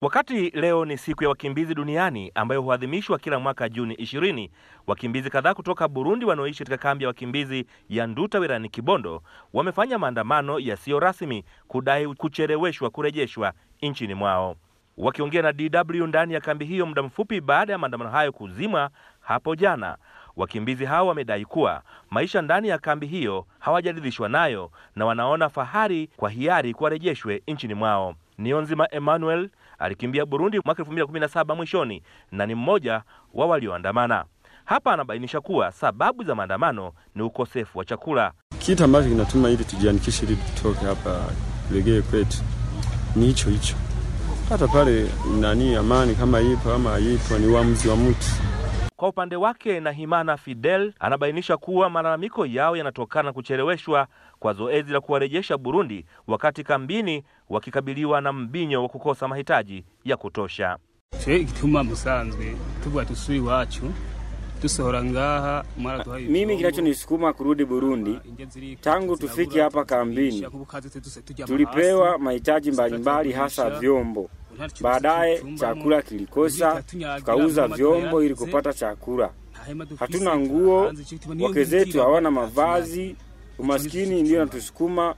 Wakati leo ni siku ya wakimbizi duniani ambayo huadhimishwa kila mwaka Juni 20 wakimbizi kadhaa kutoka Burundi wanaoishi katika kambi ya wakimbizi ya Nduta wilayani Kibondo wamefanya maandamano yasiyo rasmi kudai kucheleweshwa kurejeshwa nchini mwao. Wakiongea na DW ndani ya kambi hiyo muda mfupi baada ya maandamano hayo kuzimwa hapo jana, wakimbizi hao wamedai kuwa maisha ndani ya kambi hiyo hawajaridhishwa nayo na wanaona fahari kwa hiari kuwarejeshwe nchini mwao. Nionzima Emmanuel alikimbia Burundi mwaka 2017 mwishoni na ni mmoja wa walioandamana. Hapa anabainisha kuwa sababu za maandamano ni ukosefu wa chakula. Kitu ambacho kinatuma ili tujiandikishe ili tutoke hapa legee kwetu ni hicho hicho, hata pale nani amani kama ipo ama haipo, ni uamuzi wa mtu. Kwa upande wake, Nahimana Fidel anabainisha kuwa malalamiko yao yanatokana kucheleweshwa kwa zoezi la kuwarejesha Burundi, wakati kambini wakikabiliwa na mbinyo wa kukosa mahitaji ya kutosha. Ah, mimi kinachonisukuma kurudi Burundi, ah, tangu tufike hapa kambini tulipewa mahitaji mbalimbali, hasa vyombo Baadaye chakula kilikosa, tukauza vyombo ili kupata chakula. Hatuna nguo, wake zetu hawana mavazi. Umaskini ndio natusukuma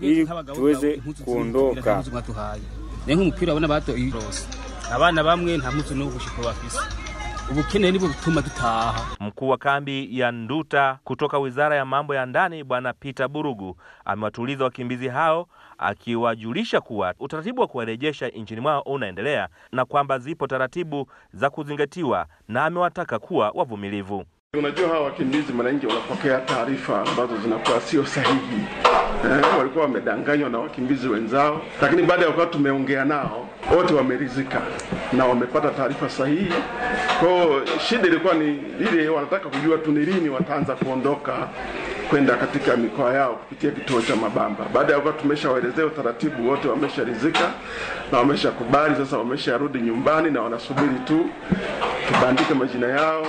ili tuweze kuondoka. Abana bamwe nta mpuzu n'ugushika bafise ubukene nibwo butuma dutaha. Mkuu wa kambi ya Nduta kutoka Wizara ya Mambo ya Ndani Bwana Peter Burugu amewatuliza wakimbizi hao akiwajulisha kuwa utaratibu wa kuwarejesha nchini mwao unaendelea na kwamba zipo taratibu za kuzingatiwa na amewataka kuwa wavumilivu. Unajua, hawa wakimbizi mara nyingi wanapokea taarifa ambazo zinakuwa sio sahihi. Eh, walikuwa wamedanganywa na wakimbizi wenzao, lakini baada ya kuwa tumeongea nao wote wameridhika na wamepata taarifa sahihi. Kwao shida ilikuwa ni ile, wanataka kujua tu ni lini wataanza kuondoka kwenda katika mikoa yao kupitia kituo cha Mabamba. Baada ya kuwa tumeshawaelezea utaratibu wote, wamesharidhika na wameshakubali. Sasa wamesharudi nyumbani na wanasubiri tu tubandike majina yao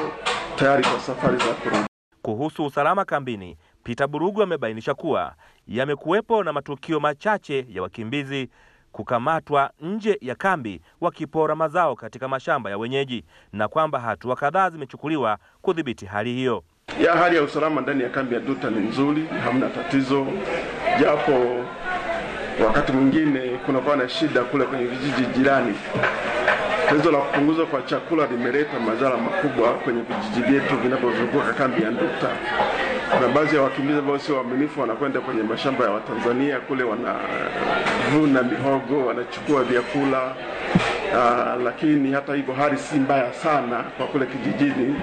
tayari kwa safari za kurudi. Kuhusu usalama kambini, Peter Burugu amebainisha kuwa yamekuwepo na matukio machache ya wakimbizi kukamatwa nje ya kambi wakipora mazao katika mashamba ya wenyeji na kwamba hatua kadhaa zimechukuliwa kudhibiti hali hiyo. Ya hali ya usalama ndani ya kambi ya Duta ni nzuri, hamna tatizo, japo wakati mwingine kunakuwa na shida kule kwenye vijiji jirani Tatizo la kupunguzwa kwa chakula limeleta madhara makubwa kwenye vijiji vyetu vinavyozunguka kambi ya Ndukta. Kuna baadhi ya wakimbizi ambao sio waaminifu, wanakwenda kwenye mashamba ya Watanzania kule, wanavuna mihogo, wanachukua vyakula uh, lakini hata hivyo hali si mbaya sana kwa kule kijijini,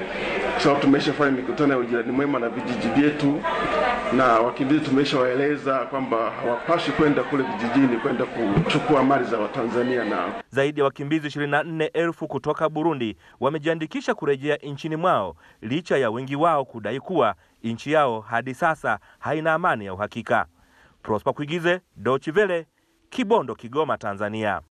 kwa sababu tumeshafanya mikutano ya ujirani mwema na vijiji vyetu, na wakimbizi tumeshawaeleza kwamba hawapashi kwenda kule vijijini kwenda kuchukua mali za Watanzania. Na zaidi ya wakimbizi 24,000 kutoka Burundi wamejiandikisha kurejea nchini mwao licha ya wengi wao kudai kuwa nchi yao hadi sasa haina amani ya uhakika. Prosper Kuigize, Dochi Vele, Kibondo, Kigoma, Tanzania.